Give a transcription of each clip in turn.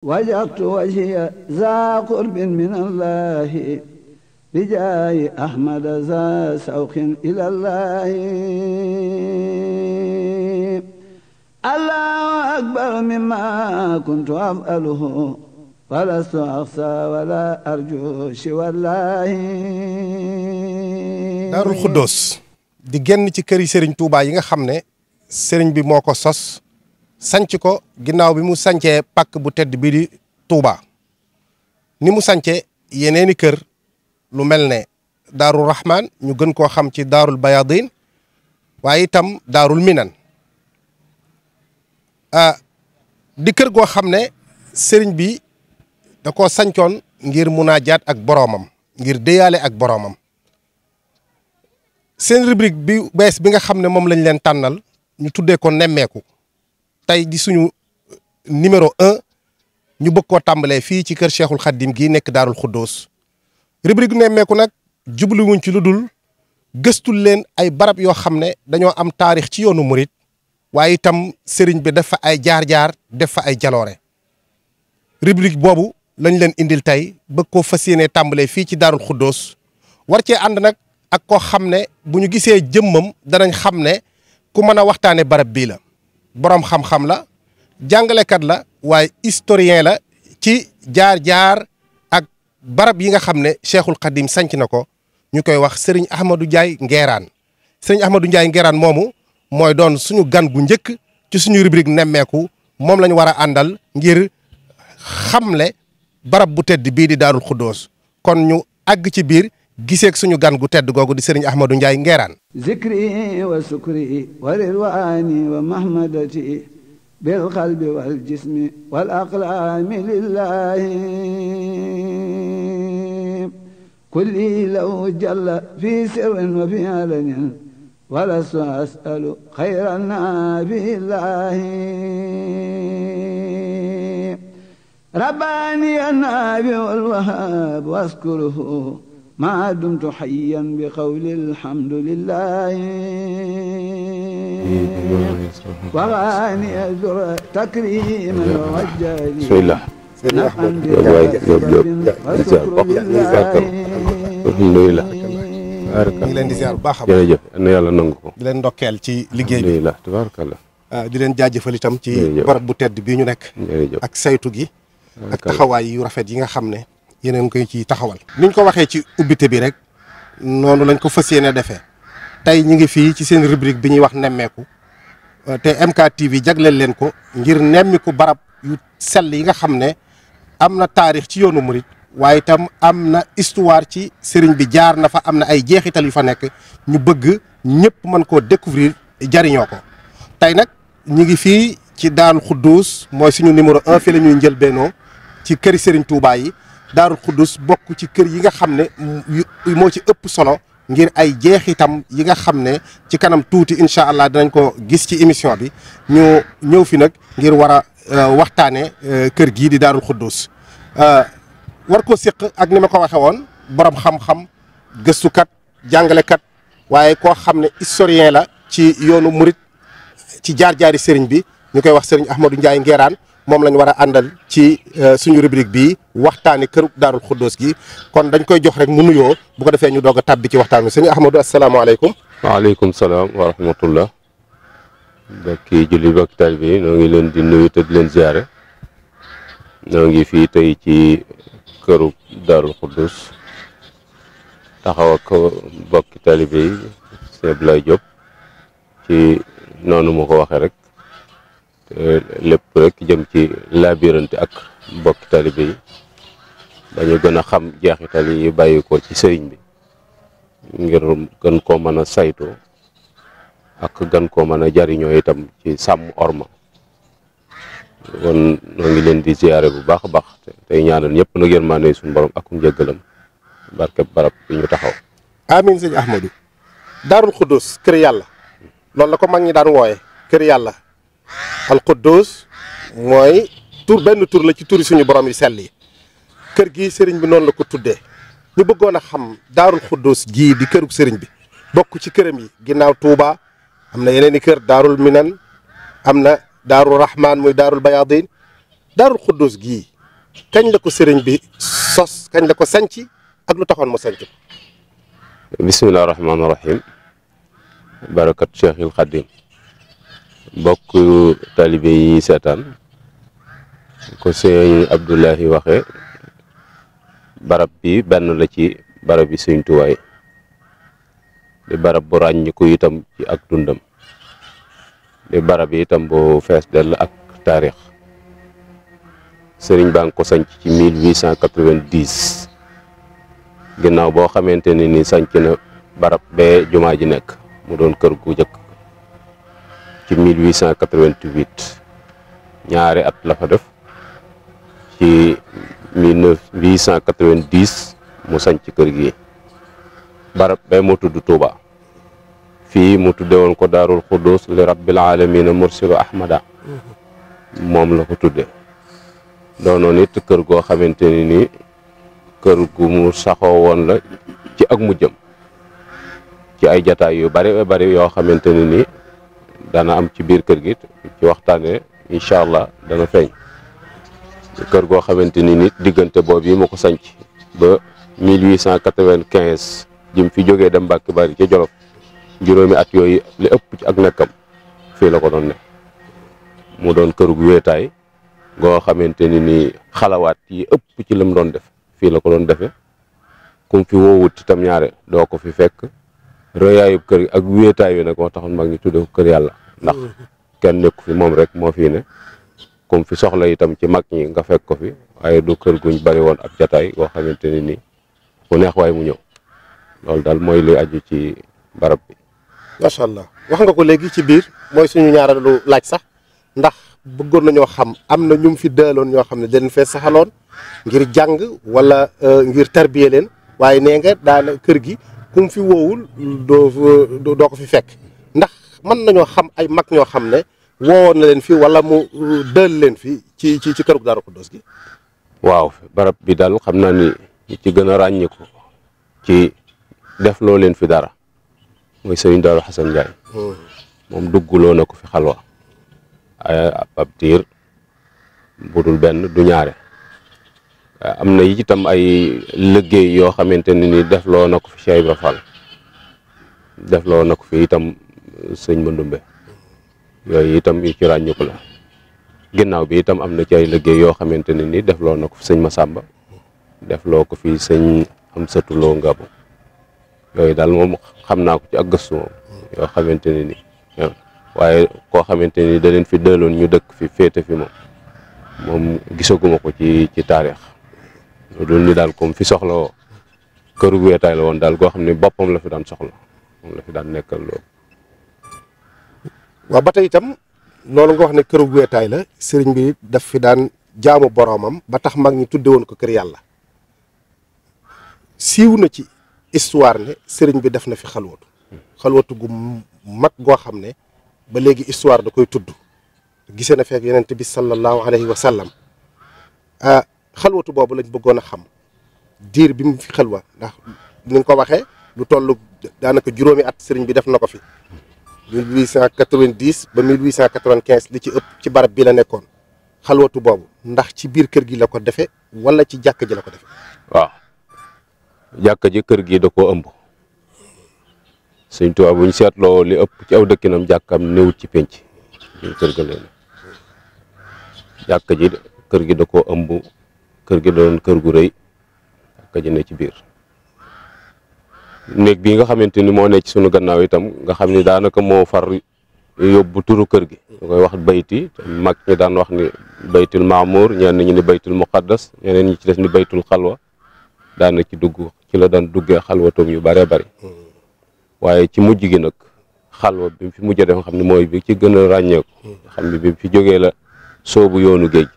وجهت وجهي ذا قرب من الله بجاي أحمد ذا سوق إلى الله الله أكبر مما كنت أفعله ولست أخشى ولا أرجو سوى الله Daarul Xuddoos di génn ci kër yi Serigne Touba yi nga xam ne Serigne bi moo ko sos sanc ko ginnaaw bi mu sancee pàkk bu tedd bi di tuuba ni mu sance yeneeni kër lu mel ne daarul rahman ñu gën koo xam ci daarul bayadin waaye itam daarul minan ah di kër goo xam ne sëriñ bi da ko sancoon ngir munaajaat ak boroomam ngir déyaale ak boroomam seen rubrique bi bees bi nga xam ne moom lañ leen tànnal ñu tuddee ko nemmeeku tey di suñu numéro un ñu bëgg koo tàmbalee fii ci kër Cheikhul Khadim gii nekk Daarul Xuddoos rubrique nemmeeku nag jubluwuñ ci lu dul gëstul leen ay barab yoo xam ne dañoo am taarix ci yoonu murit waaye itam sëriñ bi def ay jaar-jaar def ay jaloore rubrique boobu lañ leen indil tey bëgg koo fas yéenee tàmbalee fii ci Daarul Xuddoos war cee ànd nag ak koo xam ne bu ñu gisee jëmmam danañ xam ne ku mën a waxtaane barab bii la. boroom xam-xam la jàngalekat la waaye historien la ci jaar-jaar ak barab yi nga xam ne cheikhul xadim sanc na ko ñu koy wax sëriñ ahmadou jaay ngeeraan sëriñ ahmadou ndiaye ngeeraan moomu mooy doon suñu gan gu njëkk ci suñu rubrique nemmeeku moom lañu war a àndal ngir xam xamle barab bu tedd bii di daarul xuddoos kon ñu àgg ci biir giseek suñu gan gu tedd googu di sëriñ Ahmadou Ndiaye Nguerane zikri wa sukri wa ridwaani wa mahmadati bil qalbi wal jismi wal aqlaami lillahi kulli law jalla fi sirrin wa fi alanin walastu asalu xayra nabillahi rabbaani ya nabi wal wahab waskuruhu ما دمت حيا بقول الحمد لله وغاني أزر تكريما وجالي بسم الله alhamdulilah ñu leen di ziar bu baax a baax jërëjëf na yàlla nangu ko di leen ndokkeel ci liggéey bi tabarakallah di leen jaajëfal itam ci barab bu tedd bii ñu nekk ak saytu gi ak taxawaay yu rafet yi nga xam ne yeneen koy ciy taxawal. ni ñu ko waxee ci ubbite bi rek noonu lañ ko fas yéene defe tey ñu ngi fii ci seen rubrique bi ñuy wax nemmeeku euh, te MKTV jagleel leen ko ngir nemmiku barab yu sell yi nga xam ne am na taarix ci yoonu murit waaye itam am na histoire ci sëriñ bi jaar na fa am na ay jeexital yu fa nekk ñu bëgg ñëpp mën koo découvrir jariñoo ko tey nag ñu ngi fii ci Daaru Xudduus mooy suñu numéro un fii la ñuy noo ci këri sëriñ Touba yi. daarul xuddus bokk ci kër yi nga xam ne moo ci ëpp solo ngir ay jeexitam yi nga xam ne ci kanam tuuti incha allah dinañ ko gis ci émission bi ñu ñëw fi nag ngir war a euh, waxtaanee euh, kër gii di daarul xuddus euh, war ko séq ak ni ma ko waxe woon borom xam-xam gëstukat jàngalekat waaye koo xam ne historien la ci yoonu murit ci jaar-jaari sëriñ bi ñu koy wax sëriñ Ahmadou Ndiaye Nguerane moom lañ war a àndal ci euh, suñu rubrique bii waxtaani kër daarul xuddoos gi kon dañ koy jox rek mu nuyoo bu ko defee ñu doog a tàbbi ci waxtaan wi sëñ Ahmadou asalaamaaleykum. waaleykum salaam wa rahmatullah. mbokki julli bokk taalibe bi ñoo ngi leen di nuyu te di leen ziare. ñoo ngi fii tey ci këru daarul xuddoos taxaw ak bokki taalibe yi sëñ Abdoulaye Diop ci noonu moo ko waxee rek. Euh, lépp rek jëm ci labirante ak mbokki bi yi dañu gën a xam jeexital yi bàyyi ko ci sëriñ bi ngir gën koo mën a sayto ak gën koo mën a jariñoo itam ci sàmm orma kon noo ngi leen di ziyaare bu baax a baax tey ñaanal ñëpp nag yërmaande suñu borom ak njëggalam barkeb barab bi ñu taxaw daarul xuddus kër yàlla loolu la ko mag ñi daan wooye kër yàlla alquddus mooy tur benn tur la ci turi suñu borom yu sell yi kër gi sëriñ bi noonu la ko tuddee ñu bëggoon a xam daarul xuddus jii di kërub sëriñ bi bokk ci këram yi ginnaaw Touba am na yeneen i kër daarul minan am na daarul rahman muy daarul bayadin daarul xuddus gi kañ la ko sëriñ bi sos kañ la ko sanc ak lu taxoon mu sanc bismillahi rahmaani rahim barakat cheikhil bokk taalibe seetaan ko sëñ Abdoulahi waxe barab bi benn la ci barab bi sëñ tuwaay di barab bu ràññiku itam ci ak tundam di barab yi itam bu fees dell ak taarix sëriñ baa ngi ko sanc ci 1890 ginnaaw boo xamante ne ni sanc na barab bee jumaa ji nekk mu doon kër gu jëkk ci 1888 ñaari at la fa def ci 1890 mu sanc kër gi barab bay moo tudd Touba fii mu tuddewoon ko daarul xudduus li rabbil alamina mursilu ahmada moom la ko tudde doonoon it kër goo xamante ni nii kër gu mu saxoo woon la ci ak mu jëm ci ay jataay yu bari bari yoo xamante ni nii dana am ci biir kër gi ci waxtaanee allah dana feeñ kër goo xamante ni nit diggante boobu yi ma ko sanc ba 1895 jëm fi jógee dem Mbàkke Bari ca Jolof juróomi at yooyu li ëpp ci ak nekkam fii la ko doon ne mu doon kër gu wéetaay goo xamante ni ni xalawaat yi ëpp ci la mu doon def fii la ko doon defe kum fi woowut itam ñaare doo ko fi fekk rëyaayub kër ak wéetaay wi nag moo taxoon mag ñi tudde ko kër yàlla ndax mm. kenn nekku fi moom rek moo fi ne comme fi soxla itam ci mag ñi nga fekk ko fi waaye du kër guñ bari woon ak jataay boo xamante ni nii mu neex waaye mu ñëw loolu daal mooy li aju ci barab bi. macha allah wax nga ko léegi ci biir mooy suñu ñaareelu laaj sax ndax bëggoon nañoo xam am na ñu fi dëloon ñoo xam ne dañ fee saxaloon ngir jàng wala euh, ngir tarbiye leen waaye nee nga daana kër gi kum fi woowul doo doo ko fi fekk. mën nañoo xam ay mag ñoo xam ne woo na leen fii wala mu dël leen fii ci ci ci kërug Daaru Xuddoos gi waaw barab bi daal xam naa ni ci gën a ràññiku ci def loo leen fi dara mooy sëriñ Daaru Xasan Njaay hmm. moom dugguloo na ko fi xalwa ab diir budul benn du ñaare am na yi itam ay liggéey yoo xamante ne ni def na ko fi Cheikh Ibra Fall defloo na ko fi itam sëñ Mandumbe yooyu itam yu ci ràññiku la ginnaaw bi itam am na ci ay liggéey yoo xamante ne def defloo na ko ma sàmba def loo ko fi sëñ am satuloo ngabu yooyu daal moom xam naa ko ci aggastu moom yoo xamante ne ni koo xamante ni da fi dëloon ñu dëkk fi féete fi moom moom gisaguma ko ci ci taarix loolu ni daal comme fi soxla woo këru weetaay la woon daal goo xam ne boppam la fi daan soxla moom la fi daan nekkal loolu waa ba tey itam loolu nga wax ne këru weetaay la sëriñ bi daf fi daan jaamu boroomam ba tax mag ñi tudde woon ko kër yàlla siiw na ci histoire ne sëriñ bi def na fi xalwatu xalwatu gu mag goo xam ne ba léegi histoire da koy tudd gisee na fekk yonent bi sallallahu alayhi wa sallam ah xalwatu boobu lañ bëggoon a xam diir bi mu fi xalwa ndax ni ko waxee lu toll daanaka juróomi at sëriñ bi def na ko fi 1890 ba 1895 li ci ëpp ci barab bi la nekkoon xalwatu boobu ndax ci biir kër gi la ko defee wala ci jàkk ji la ko defee. waaw jàkk ji kër gi da koo ëmb Sëñ Tuubaa bu ñu seetloo li ëpp ci aw dëkkinam jàkkam néewut ci penc ñu kër ga leen jàkk ji kër gi da koo ëmb kër gi doon kër gu rëy jàkk ji ne ci biir. néeg bii nga xamante ni moo nekk ci sunu gannaaw itam nga xam ni daanaka moo far yóbbu turu kër gi da koy wax bayti mag ñi daan wax ni baytul maamuur ñenn ñi ni baytul muqaddas ñeneen ñi ci des ni baytul xalwa daana ci dugg ci la daan duggee xalwatum yu bëree bëri waaye ci mujj gi nag xalwa bi mu fi mujj a def nga xam ne mooy bi ci gën a ràññeeku nga xam ne bi mu fi jógee la soobu yoonu géej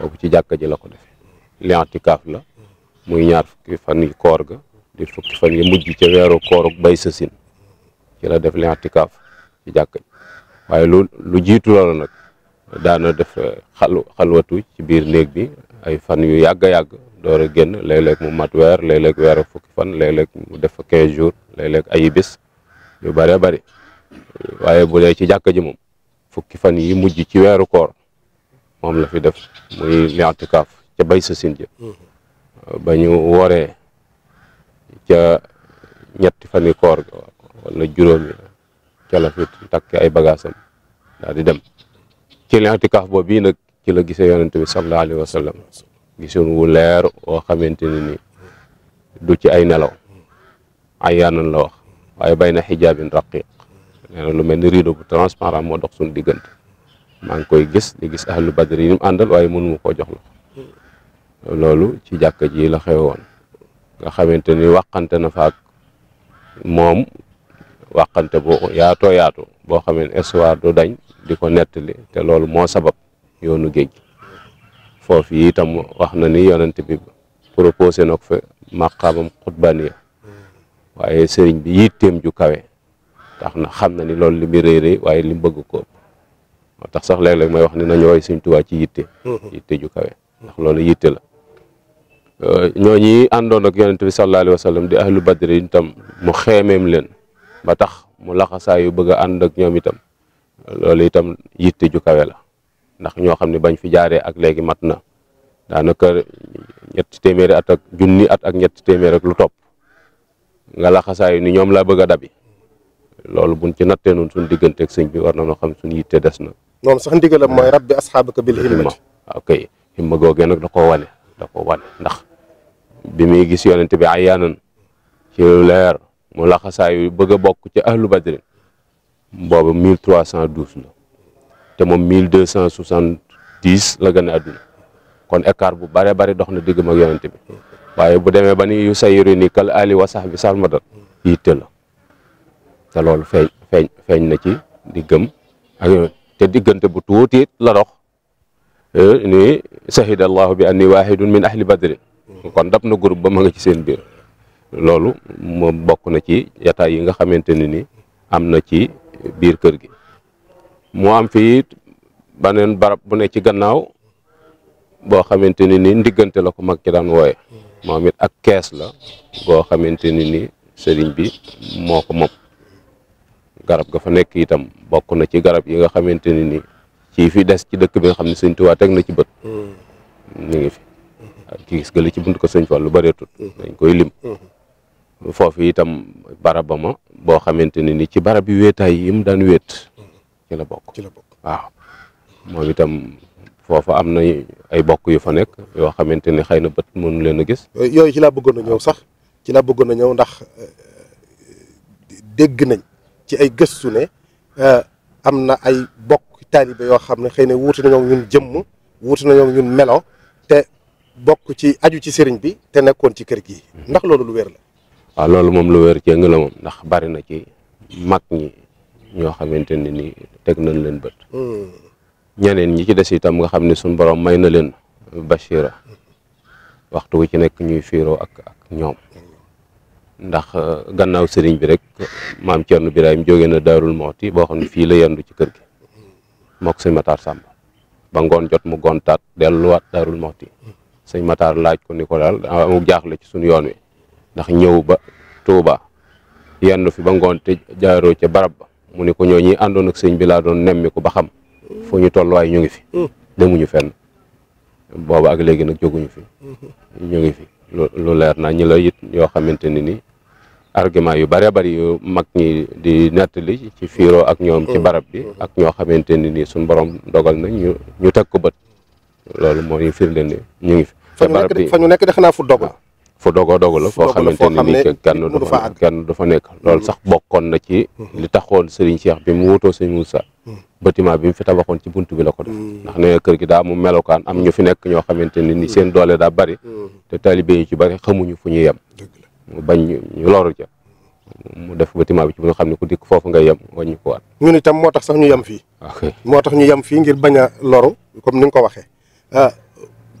boobu ci jàkka ji la ko defee li'tikaaf la muy ñaar fukki fan yi koor ga di fukki fan yi mujj ci weeru koor bay sësin ci la def li atikaaf ci jàkk waaye lu lu jiitu loolu nag daana def eh, xalu xalwatu ci biir néeg bi ay fan yu yàgg a yàgg door a génn léeg-léeg mu mat weer léeg-léeg weer fukki fan léeg-léeg mu def fa quinze jours léeg-léeg ayi yu bëree bari waaye bu dee ci jàkk ji moom fukki fan yi mujj ci weeru koor moom la fi def muy li atikaaf ca bay sësin ji mm-hmm. ba ñu woree ca ñetti fani koor ga wala juróomi ca la fi takk ay bagaasam daal di dem ci i'tikaaf boobu nag ci la gisee yonent bi sallallahu alayhi wa sallam wu leer woo xamante ne du ci ay nelaw ayyaanan la wax waaye bay na xijaabin raqiq nee na lu mel ni rideau bu transparent moo dox suñu diggante maa ngi koy gis di gis ahlu badri yi mu àndal waaye mënu ko jox loxo loolu ci jàkka ji la xew woon nga xamante ni waxante na faag moom waxante bu yaato yaatu boo xamee histoire du dañ di ko nettali te loolu moo sabab yoonu géej foofu yi itam wax na ni yonent bi proposé na ko fa maqaamam xutbaaniya waaye sëriñ bi yitteem ju kawe tax na xam na ni lool li muy rëy waaye li mu bëgg ko moo tax sax léeg-léeg may wax ni na woy Sëriñ Tuubaa ci yitte yitte ju kawe ndax loolu yitte la Euh, ñoo ñi àndoon ak yonent bi sallallahu alayhi wa sallam di ahlu badri itam mu xeemeem leen ba tax mu laxasaa yu bëgg a ànd ak ñoom itam loolu itam yitte ju kawe la ndax ñoo xam ne bañ fi jaaree ak léegi mat na daanaka ñetti téeméeri at ak junni at ak ñetti téeméer ak lu topp nga laxasaayu ni ñoom laa bëgg a dabi loolu buñ ci nattee noonu suñ diggante ak sëñ bi war na noo xam suñ yitte des na moom sax ndigalam mooy rabbi asxaabaka bil himma ok himma googee nag da koo wane da koo ndax bi muy gis yonent bi ayaanan ci lu leer mu laxasaayu bëgg bokk ci ahlu badrin booba mille trois cent douze la te moom mille deux cent soixante dix la gën a àdduna kon écart bu bare bari dox na diggam ak yonent bi waaye bu demee ba ni yu sayiru ni kal ali wa sax bi salmadal yitte la te loolu feeñ feeñ feeñ na ci diggam ak te diggante bu tuuti la dox eh, ni sahida allahu bi anni wahidun min ahli badrin kon dab na groupe ba ma nga ci seen biir loolu moom bokk na ci yataay yi nga xamante ne ni am na ci biir kër gi mu am fii baneen barab bu ne ci gannaaw boo xamante ne ni ndiggante la ko mag ci daan wooye moom it ak kees la goo xamante ne ni sëriñ bi moo ko moom garab ga fa nekk itam bokk na ci garab yi nga xamante ne ni ci fi des ci dëkk bi nga xam ne Sëriñ waa teg na ci bët mm. ñu ngi fi ci gis gële ci buntu ko sëñ Fallu bëreetut mhm. dañ koy lim mhm. foofu itam baraba ma boo xamante ne ni ci barab yi wéetaay yi mu daan wéet mhm. ci la bokk waaw moom itam foofa am na ay bokk yu fa nekk yoo xamante ne xëy na bët mënu leen a gis yooyu ci laa bëggoon a ñëw sax ci laa bëggoon a ñëw ndax eh, dégg nañ ci ay gëstu ne eh, am na ay bokk taalibe yoo xam ne xëy na wuute nañoo ñun jëmm wuute nañoo ñun melo bokk ci aju ci sëriñ bi te nekkoon ci kër gi ndax loolu lu weer la. waaw loolu moom lu wér cee nga la moom ndax bari na ci mag ñi ñoo xamante ne ni teg nañ leen bët. Hmm. ñeneen ñi ci des itam nga xam ne suñu borom may na leen Bachira waxtu wu ci nekk ñuy fiiroo ak ak ñoom ndax euh, gannaaw sëriñ bi rek maam Thierno Birahim jóge na Daarul Mooti boo xam ne fii la yendu ci kër gi mook sëñ Matar Samb ba ngoon jot mu gontaat delluwaat Daarul Mooti. sëñ Matar laaj ko niko ko daal amu ah, jaaxle ci suñu yoon wi ndax ñëw ba Touba yendu fi ba ngoon jaaroo ca barab ba mu ni ko ñoo ñi àndoon ak sëñ bi laa doon nemmi ba xam fu ñu toll waaye ñu ngi fi mm. demuñu fenn booba ak léegi nag jóguñu fi mm-hmm. ñu ngi fi lu leer na ñi la it yoo xamante ni ni argument yu bare bari yu mag ñi di nettali ci fiiro ak ñoom ci mm. barab bi mm-hmm. ak ñoo xamante ni nii suñ borom dogal na ñu ñu teg ko bët loolu mooy firnde ni ñu ngi fi. fa ñu nekk de xanaa fu dogo la. fu dogo dogo la foo xamante ne nii kenn du fa kenn du fa nekk loolu sax bokkoon na ci mm-hmm. li taxoon Serigne Cheikh bi mu wutoo Serigne Moussa mm-hmm. bâtiment bi mu fi tabaxoon ci bunt bi la ko def mm-hmm. ndax ne kër gi daa mu melokaan am ñu fi nekk ñoo xamante ne ni seen doole daa bari te taalibe ñu ci bari xamuñu fu ñuy yem mu bañ ñu loru ja mu def bâtiment bi ci bu nga xam ne ku dikk foofu nga yem waññu ko waat ñun itam moo tax sax ñu yem fii moo tax ñu yem fii ngir bañ a loru comme ni nga ko waxee Euh,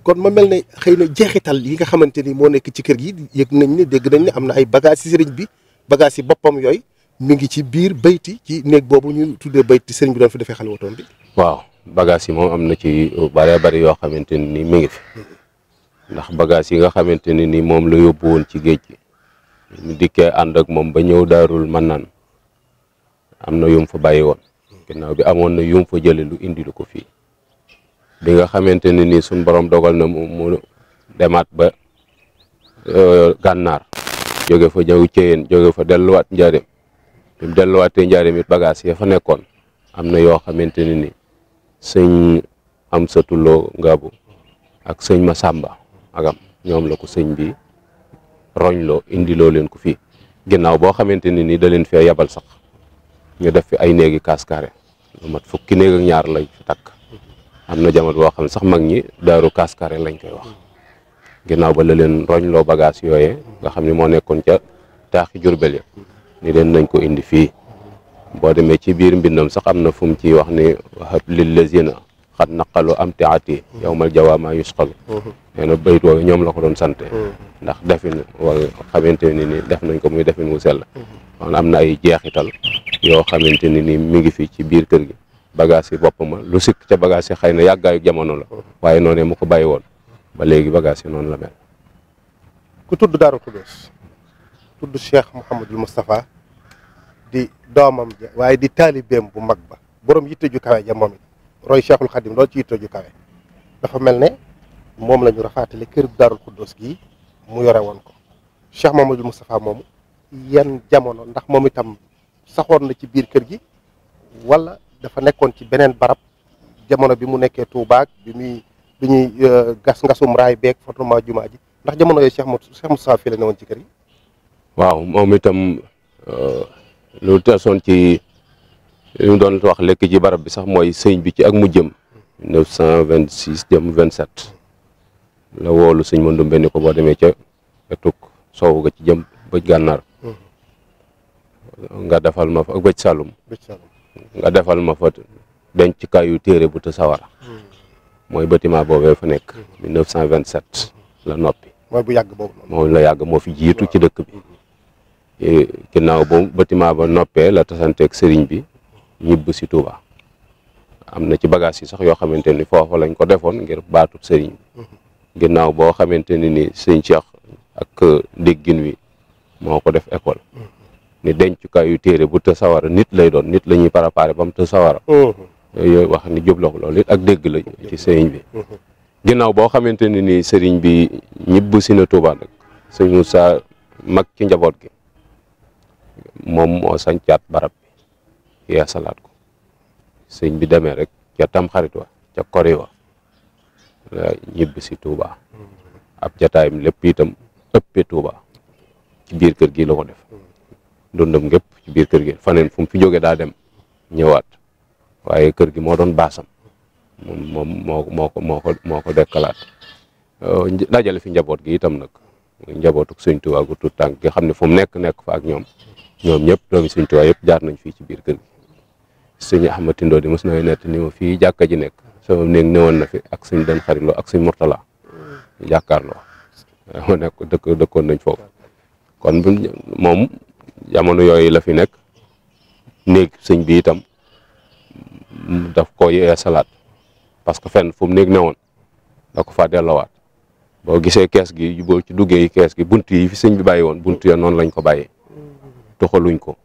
kon ma mel ne xëy na jeexital yi nga xamante ni moo nekk ci kër gi yëg nañ ne dégg nañ ne am na ay bagages yi sëriñ bi bagages yi boppam yooyu mu ngi ci biir bayti ci néeg boobu ñu tuddee bayti sëriñ bi doon fi defee xalwatoon bi. waaw bagages yi moom am na ci bare bëri yoo xamante ne ni mi ngi fi ndax bagages yi nga xamante ne ni moom la yóbbu woon ci géej gi ñu dikkee ànd ak moom ba ñëw daarul man naan am na yum fa bàyyi woon ginnaaw bi amoon na yum fa lu indi ko fii bi nga xamante ne nii suñ borom dogal na mu mu demaat ba euh, gànnaar jóge fa ñëw ceyeen jóge fa delluwaat njaareem bi mu delluwaatee njaareem it bagages ya fa nekkoon am na yoo xamante ne ni sëñ am sa tulloo ngabu ak sëñ ma sàmba agam ñoom la ko sëñ bi roñloo indiloo leen ko fi ginnaaw boo xamante ne ni da leen fee yabal sax ñu def fi ay néegi kaas mat fukki néeg ñaar lañ fi takk am na jamono boo xam sax mag ñi daaru kaskare lañ koy wax ginnaaw ba la leen roñloo bagage yooyee nga xam ne moo nekkoon ca taaxi Jurbel ya ni leen nañ ko indi fii boo demee ci biir mbindam sax am na fu mu ciy wax ni wahab lillazina xat naqalu am tiati yow mal jawaama yusqalu nee na ñoom la ko doon sante ndax defin wala xamante ni ni def nañ ko muy defin mu sell kon am na ay jeexital yoo xamante ni ni mi ngi fii ci biir kër gi bagage yi bopp ma lu sikk ca bagage yi xëy na yàggaayu jamono la waaye noonu mu ko bàyyi woon ba léegi bagage yi noonu la mel. ku tudd Darou Khoudoss tudd Cheikh Mouhamadul mustafa di doomam ja waaye di taalibeem bu mag ba boroom yitte ju kawe ja moom it roy Cheikhul Khadim loolu ci yitte ju kawe dafa mel ne moom lañu ñu rafaatale kër Darou Khoudoss gii mu yore woon ko Cheikh Mouhamadul Moustapha moomu yan jamono ndax moom itam saxoon na ci biir kër gi dafa nekkoon ci beneen barab jamono bi mu nekkee tuubaak bi muy bi ñuy euh, gas ngasum raay beeg fortement jumaa ji ndax jamono yooyu Cheikh Moussa Cheikh Moussa fii la newoon ci kër yi. waaw moom itam euh, lu teesoon ci li mu doon wax lekk ci barab bi sax mooy sëñ bi ci ak mu jëm. vingt 926 jëm 27 la woolu sëñ Mandumbe ni ko boo demee ca etuk soow ga ci jëm bëj gànnaar. Mm-hmm. nga defal ma fa ak bëj Saalum. bëj Saalum. nga defal ma fa denc kayu téere bu te sawara mooy bâtiment boobee fa nekk 1927 la noppi mooy bu yàgg boobu moom la yàgg moo fi jiitu ci dëkk bi e, ginnaaw boobu bâtiment ba noppee la tasanteeg sëriñ bi ñibb si Touba am na ci bagage yi sax yoo xamante ni foofa lañ ko defoon ngir baatub sëriñ bi ginnaaw boo xamante ni ni ci Cheikh ak euh, déggin wi moo ko def école ne dencukaayu téere bu të sawara nit lay doon nit lañuy ñuy préparé ba mu të sawara uh-huh. yooyu wax ni jublu ko loolu ak dégg la ci sëriñ bi uh-huh. ginnaaw boo xamante ne nii sëriñ bi ñibbu si na Tuuba nag sëñ sa mag ci njaboot gi moom moo sancaat barab bi yeesalaat ko sëñ bi demee rek ca tamxarit wa ca kori wa la ñibbi si Tuuba uh-huh. ab jataayam lépp itam ëppee Tuuba ci biir kër gi la ko def dundam gépp ci biir kër gi faneen fu mu fi jóge daa dem ñëwaat waaye kër gi moo doon baasam moom moo moo ko moo ko moo ko dekkalaat euh, dajale fi njaboot gi itam nag njabootu Sëñ Tuubaa tut tuut tànk gi xam ne fu mu nekk nekk fa ak ñoom ñoom ñëpp doomi Sëñ Tuubaa yëpp jaar nañ fii ci biir kër gi sëñ di mos na nett ni ma fii jàkka nekk sama néeg newoon na fi ak sëñ Dan Xarilo ak sëñ Murtala jàkkaarloo ma nekk dëkk dëkkoon nañ foofu kon moom jamono yooyu la fi nekk néeg sëñ bi itam daf ko yee salaat parce que fenn fu néeg ne woon da ko faa delloowaat boo gisee kees gi boo ci duggee kees gi bunt yi fi sëñ bi bàyyi woon bunt ya noonu lañ ko bàyyi toxaluñ ko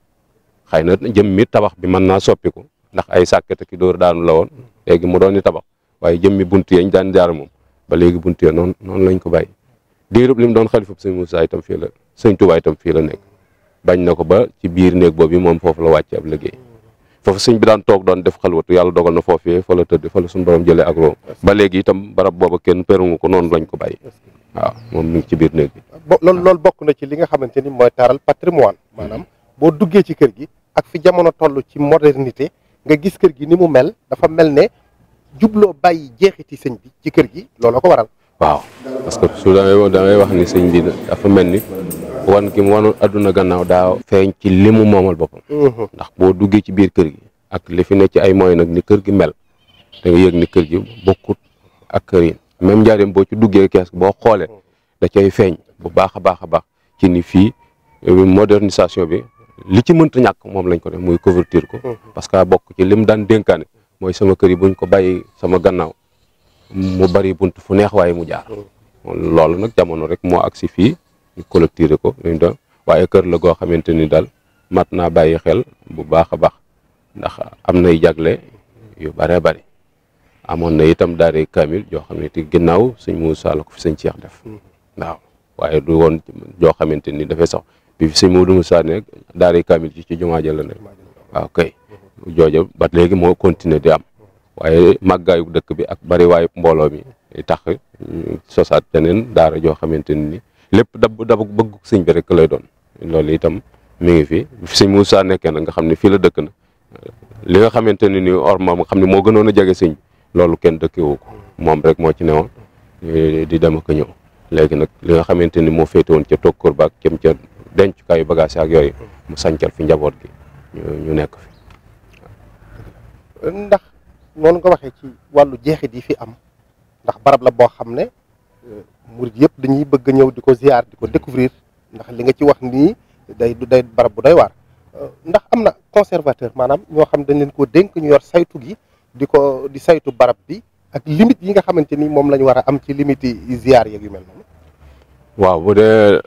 xëy na jëm mi tabax bi mën naa soppiku ndax ay sàkket ki dóor daanu la woon léegi mu doon i tabax waaye jëm mi bunt yañ daan jaar moom ba léegi bunt ya noonu noonu lañ ko bàyyi diirub bi mu doon xalifab sëñ Moussa itam fii la sëñ itam fii la nekk bañ na ko ba ci biir néeg boobu moom foofu la wàcc ab liggéey foofu sëñ bi daan toog doon def xalwatu yàlla dogal na foofee fa la tëdd fa la suñu borom jëlee ak room ba léegi itam barab booba kenn pérumu ko noonu lañ ko bàyyi waaw moom mu ngi ci biir néeg bi loolu lool bokk na ci li nga xamante ni mooy taaral patrimoine maanaam boo duggee ci kër gi ak fi jamono toll ci modernité nga gis kër gi ni mu mel dafa mel ne jubloo bàyyi jeexiti sëñ bi ci kër gi looloo ko waral waaw parce su da wax ni sëñ bi dafa mel ni wan ki mu wanul adduna gannaaw daa feeñ ci li moomal boppam uh-huh. ndax boo duggee ci biir kër gi ak li fi ne ci ay moyens nag ni kër gi mel da nga yëg ni kër gi bokkut ak kër yi même njaareem boo ci duggee kees boo xoolee da cay feeñ bu baax a baax a baax ci ni fii eh, modernisation bi li ci mënta ñàkk moom lañ ko def muy couverture ko uh-huh. parce que bokk ci lim daan dénkaane mooy sama kër yi bu buñ ko bàyyi sama gannaaw mu bari bunt fu neex waaye mu jaar uh-huh. loolu nag jamono rek moo agsi fii ñu collecté ko luñ doon waaye kër la goo xamante ni daal mat naa bàyyi xel bu baax a baax ndax am na nay jagle yu bëree bëri amoon na itam daare kaamil joo xam ne te ginnaaw sëñ Moussa la ko fi def mm-hmm. waaw waaye du woon joo xamante ni dafay sax bi fi sëñ Moudou Moussa ne daare kaamil ci ci jumaa ja la ne waaw kay jooja ba léegi moo continuer di am waaye màggaayu dëkk bi ak bari mbooloo mi tax sosaat beneen daara joo xamante ni lépp dab dabu bëgg sëñ bi rek lay doon loolu itam mi ngi fi sëñ Moussa nekkee nag nga xam ne fii la dëkk na li nga xamante ne ni orma nga xam ne moo gënoon a jege sëñ loolu kenn dëkkewu ko moom rek moo ci newoon dem ak ñëw léegi nag li nga xamante ni moo féete woon ca tokkoor baak jëm ca dencukaayu bagage ak yooyu mu sancal fi njaboot gi ñu nekk fi ndax noonu nga waxee ci wàllu jeexit yi fi am ndax barab la boo xam ne murit yëpp dañuy bëgg ñëw di ko ziar di ko mhm. découvrir ndax li nga ci wax nii day day barab bu day waar euh, ndax am na conservateur maanaam ñoo xam dañ leen ko dénk ñu yor saytu gi di ko di saytu barab bi ak limite yi nga xamante ni moom lañu war a am ci limite yi ziar yeeg yu mel noonu. waaw bu dee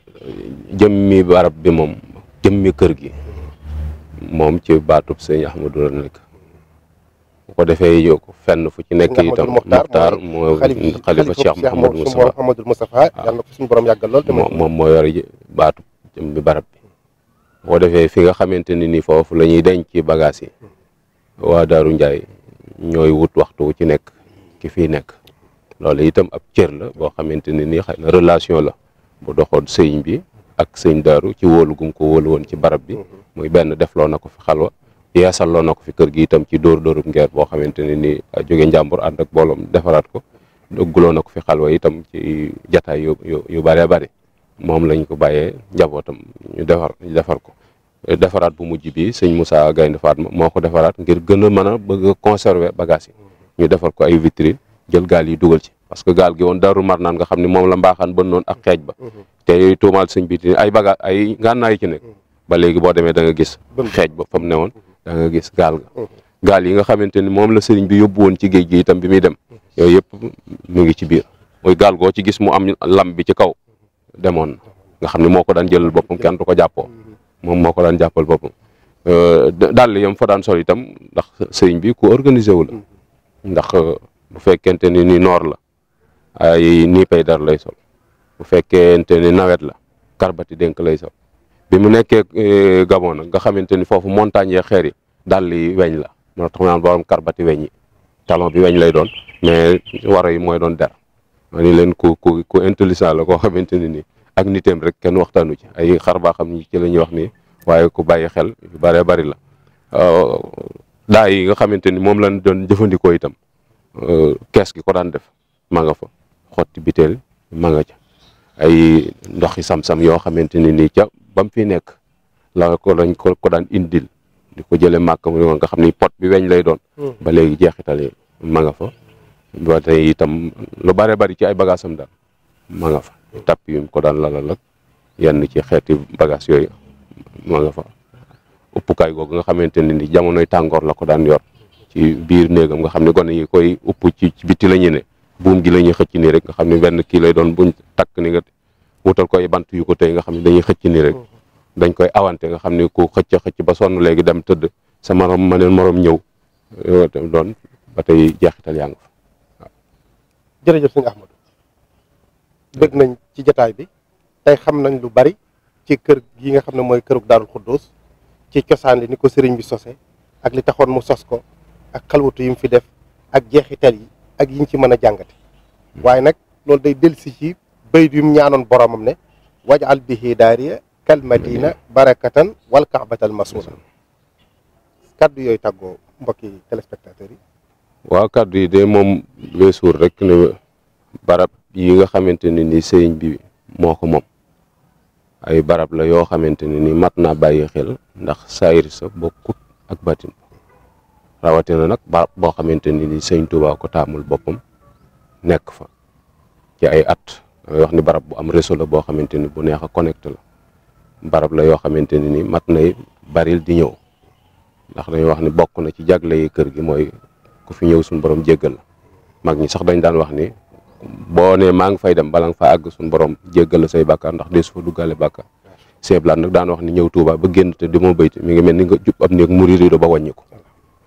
jëmmi barab bi moom jëmmi kër gi mhm. moom ci baatub sëñ du la nekk bu ko defee yokk fenn fu ci nekk itam Muxtaar moo xalifa Cheikh Mouhamadul Moustapha ah. yàlla na ko suñu borom yàggal lool tamit moom moo yor baatu bi barab bi bu defee fi nga xamante ni nii foofu la ñuy denc ci bagage yi waa Daaru Njaay ñooy wut waxtu ci nekk ki fii nekk loolu itam ab cër la boo xamante ni nii xëy na relation la bu doxoon sëñ bi ak sëñ daaru ci wóolu gum ko wóolu woon ci barab bi mm-hmm. muy benn defloo na ko fi xalwa yeesaloon na ko fi kër gi itam ci dóor dóorub ngeer boo xamante ne ni ah, jóge njàmbur ànd ak booloom defaraat ko dugguloo na ko fi xalwa itam ci jataay yu yu bëree bëri moom lañ ko bàyyee njabootam ñu defar defar ko defaraat bu mujj bi sëñ Moussa Gaynde Fatma moo ko defaraat ngir gën a mën a bëgg conserver bagage yi ñu defar ko ay vitrine jël gaal yi dugal ci parce que gaal gi woon Daaru Marnaan nga xam ne moom la mbaaxaan ba noonu ak xeej ba mm-hmm. te yooyu tuumaal sëñ bi ay baga ay ngànnaay ci nekk mm-hmm. ba léegi boo demee da nga gis xeej ba fa mu ne da gis gaal gaal yi nga xamante ni moom la sëriñ bi yóbbu woon ci géej gi itam bi muy dem yooyu yëpp mu ngi ci biir mooy gaal goo ci gis mu am lam bi ci kaw demoon nga xam ne moo ko daan jëlal boppam kenn du ko jàppoo moom moo ko daan jàppal boppam euh, daal yam fa daan sol itam ndax sëriñ bi ku organisé wu ndax euh, bu fekkente ni ni noor la ay nii pay lay sol bu fekkente ni nawet la karbati dénk lay sol bi mu nekkee eh, Gabon na nga xamante ni foofu montagne xeer yi dàll yi weñ la moo tax naan borom karbati weñ bi weñ lay doon mais waro yi mooy doon der ma ni leen ku ku ku intelligent la koo xamante ne ni ak nitéem rek kenn waxtaanu ci ay xar baa xam ni ci la ñuy wax ni waaye ku bàyyi xel yu bëree bëri la euh, daa yi nga xamante ni moom lañ doon jëfandikoo itam euh, kees gi ko daan def ma nga fa xotti biteel ma nga ca ay ndoxi sam-sam yoo xamante ni nii ba fi nekk la ko lañ ko ko daan indil di ko jëlee màkk mu nga xam ni pot bi weñ lay doon. Hmm. ba léegi jeexital yi ma fa. ba tey itam lu bare bari ci ay bagages am daal ma fa tapp yi mu ko daan lalal ak yenn ci xeeti bagages yooyu ma nga fa. uppukaay googu nga xamante ne ni jamonoy tàngoor la ko daan yor ci biir néegam nga xam ne gone yi koy upp ci biti la ñu ne buum gi la ñuy xëcc nii rek nga xam ne benn kii lay doon buñ takk ni nga. wutal ko ay bant yu ko tey nga xam ne dañuy xëcc ni rek dañ koy awante nga xam ne ku xëcc xëcc ba sonn léegi dem tëdd sa morom ma neen morom ñëw doon ba tey jeexital yaa nga fa waaw. jërëjëf sëñ Ahmadou nañ ci jataay bi tey xam nañ lu bari ci kër gi nga xam ne mooy kërug Daarul Xuddoos ci cosaan li ni ko sëriñ bi sose ak li taxoon mu sos ko ak yi mu fi def ak jeexital yi ak yiñ ci mën a jàngate hmm. waaye nag loolu day delsi ci bayt yu mu ñaanoon boromam ne wajal bihi daariya kal madina barakatan wal kaabatal masuura kaddu yooyu tàggoo mbokki téléspectateurs yi waaw kaddu yi de moom weesuur rek ne barab yi nga xamante ne ni sëriñ bi moo ko moom ay barab la yoo xamante ne ni mat na bàyyi xel ndax saayir sa bokkut ak batin rawatina nag barab boo xamante ne ni sëriñ Tuubaa ko taamul boppam nekk fa ci ay at damay wax ni barab bu am réseau la boo xamante ni bu neex a la barab la yoo xamante ni ni mat nay baril di ñëw ndax dañuy wax ni bokk na ci jagle yi kër gi mooy ku fi ñëw suñu borom jéggal la mag ñi sax dañ daan wax ni boo nee maa ngi fay dem bala nga fa àgg suñu borom jéggal la say bàkkaar ndax dee su fa duggaale bàkkaar Séblaat daan wax ni ñëw Touba ba génn te di ma béy mi ngi mel ni nga jub am néeg mu riir ba wàññi ko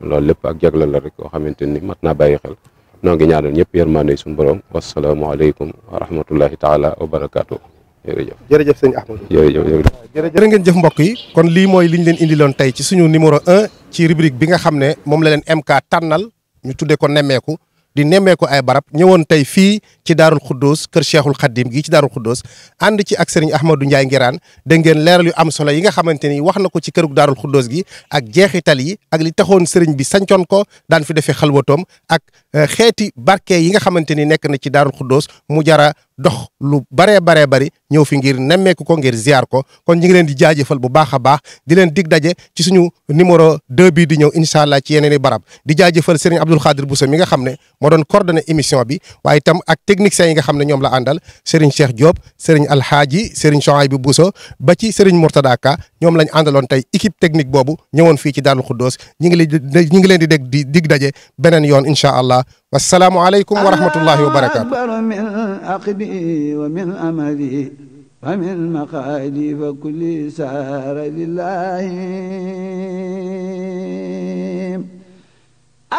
loolu lépp ak jagle la rek yoo xamante ni mat naa bàyyi xel. noo ngi ñaanal ñëpp yërmande suñu borom wasalaamaaleykum wa rahmatullahi taala wa barakaatu. jërëjëf jërëjëf sëñ Ahmadou jërëjëf jërë ngeen jëf mbokk yi kon lii mooy li ñu leen indiloon tey ci suñu numéro un ci rubrique bi nga xam ne moom la leen MK tànnal ñu tudde ko nemmeeku di nemmeeku ay barab ñëwoon tey fii ci daarul xuddoos kër cheikhul xaddim gi ci daarul xuddoos ànd ci ak sëriñ ahmadou ndiaye ngiraan dégg ngeen leeral yu am solo yi nga xamante ni wax na ko ci kërug daarul xuddoos gi ak jeexital yi ak li taxoon sëriñ bi sancoon ko daan fi defee xalwatoom ak eh, xeeti barke yi nga xamante ni nekk na ci daarul xuddoos mu jara dox lu baree baree bari ñëw fi ngir nemmeeku ko ngir ziar ko kon ñu ngi leen di jaajëfal bu baax a baax di leen dig daje ci suñu numéro 2 bii di ñëw incha allah ci yeneen i barab di jaajëfal Serigne Abdoul Khadir Bousso mi nga xam ne moo doon coordonné émission bi waaye itam ak techniciens yi nga xam ne ñoom la àndal Serigne Cheikh Diop Serigne Alhaaji Serigne Chouaib bi Bousso ba ci Serigne Mourtada Ka ñoom lañ àndaloon tey équipe technique boobu ñëwoon fii ci Daarul Xuddoos ñi ngi leen di ñi ngi leen di dég di dig daje beneen yoon incha allah wassalaamu aleykum wa rahmatullahi wa barakaatu min aqdi wa min amali wa min maqaali fa kulli saara lillahi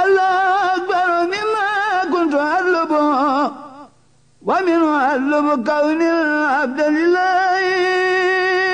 allahu akbar mimma kuntu atlubu wa min atlubu kawni abda lillahi